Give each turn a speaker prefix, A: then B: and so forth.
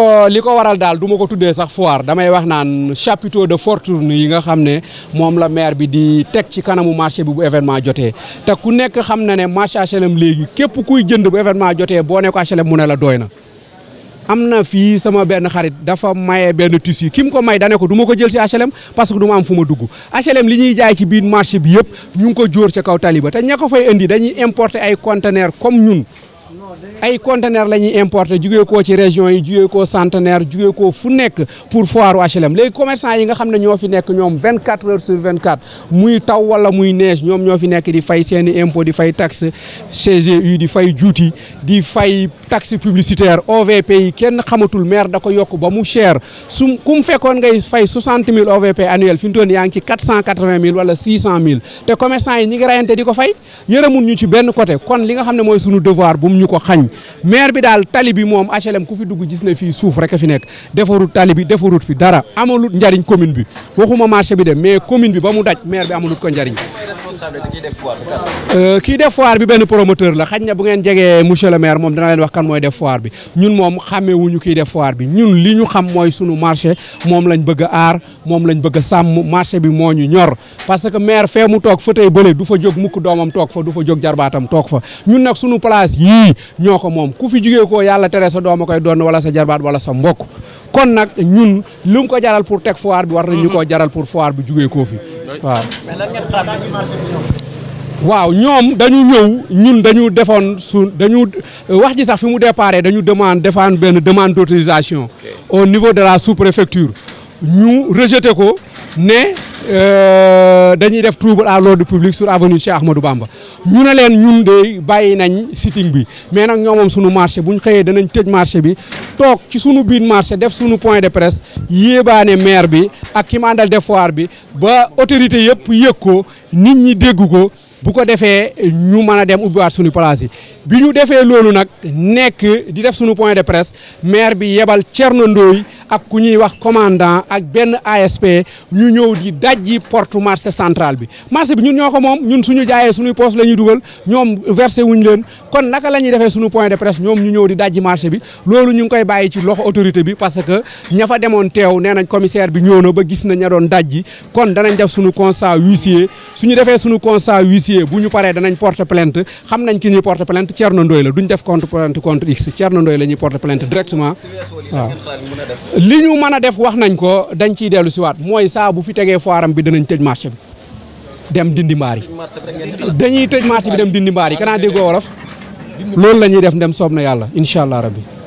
A: ko li ko waral daal duma ko tuddee sax foire damay wax naan chapiteau de fortune yi nga xam ne moom la maire bi di teg ci kanamu marché bi bu événement jotee te ku nekk xam na ne marché HLM léegi képp kuy jënd bu événement jotee boo ne ko HLM mu ne la doy na am na fii sama benn xarit dafa maye benn tissu ki mu ko may dane ko duma ko jël si HLM parce que duma am fu ma dugg HLM li ñuy jaay ci biir marché bi yëpp ñu ngi ko jóor ca kaw taliba te ña ko fay indi dañuy importer ay conteneurs comme ñun ay conteneur la ñuy importer jugee koo ci région yi jugee koo centenaire fu nekk pour foire HLM léegi commerçant yi nga xam ne ñoo fi nekk ñoom 24 heures sur 24 muy taw wala muy neige ñoom ñoo fi nekk di fay seen i impôt di fay taxe CGU di fay juuti di fay taxe publicitaire OVP yi kenn xamatul maire da yokk ba mu cher su ku mu fekkoon ngay fay 60 000 OVP annuel fi yaa ngi ci 480 te commerçant yi ñi ngi rayante di ko fay yërëmun ñu ci benn côté kon li nga xam ne xañ mair bi daal tali bi moom HLM ku fi dugg gis na fii suuf rek a fi nekk defarut tali bi defarut fi dara amalut njariñ commune bi waxuma marché bi de mais commune bi ba mu daj maire bi amalut ko njariñ Euh, kii def foire bi benn promoteur la xaj na bu ngeen jegee monsieur le maire moom dana leen wax kan mooy def foire bi ñun moom xàmmewuñu kii def foire bi ñun li ñu xam mooy sunu marché moom lañ bëgg aar moom lañ bëgg a sàmm marché bi moo ñu ñor parce que maire fee mu toog fa tey bële du fa jog mukk doomam toog fa du fa jóg jarbaatam toog fa ñun nag sunu place yii ñoo ko moom ku fi jugee ko yàlla tere sa dooma koy doon wala sa jarbaat wala sa mbokk kon nag ñun lu ko jaral pour teg foire bi war nañ ñu koo jaral pour foire bi jugee koo fi waaw. ñoom. waaw ñoom dañu ñëw ñun dañu defoon su dañu wax ji sax fi mu déparé dañu demande defaan benn demande d'autorisation au niveau de la sous-préfecture ñu rejeté ko ne euh, dañuy def trouble à l'ordre public sur avenue Cheikh Ahmadou Bamba ñu ne leen ñun de bàyyi nañ sitting bi mais nag ñoo moom suñu marché bu ñu xëyee danañ tëj marché bi toog ci suñu biir marché def suñu point de presse yéebaane maire bi ak ki ma àndal def bi ba autorité yëpp yëg ko nit ñi dégg ko bu ko defee ñu mën a dem ubbiwaat suñu place yi bi ñu defee loolu nag nekk di def sunu point de presse maire bi yebal Thierno Ndoye ak ku ñuy wax commandant ak benn ASP ñu ñëw di dajji port marché central bi marché bi ñun ñoo ko moom ñun suñu jaayee suñu poste lañuy dugal ñoom versé wuñ leen kon naka la ñuy defee suñu point de presse ñoom ñu ñëw di dajji marché bi loolu ñu koy bàyyi ci loxo autorité bi parce que ña fa demoon teew nee nañ commissaire bi ñëw na ba gis na ña doon danañ def suñu constat huissier suñu defee suñu constat huissier bu ñu paree danañ port plainte xam nañ ki ñuy porte plainte Thierno Ndoye la duñ def contre plainte contre X Thierno Ndoye la ñuy porte plainte directement waaw li ñu mën a def wax nañ ko dañ ciy dellu siwaat mooy saa bu fi tegee foiram bi danañ tëj marché bi dem dindi mbaar yi dañuy tëj marché bi dem dindi mbaar yi kanaa déggoo wolof loolu la ñuy def ndem soob na yàlla incha allah rabbi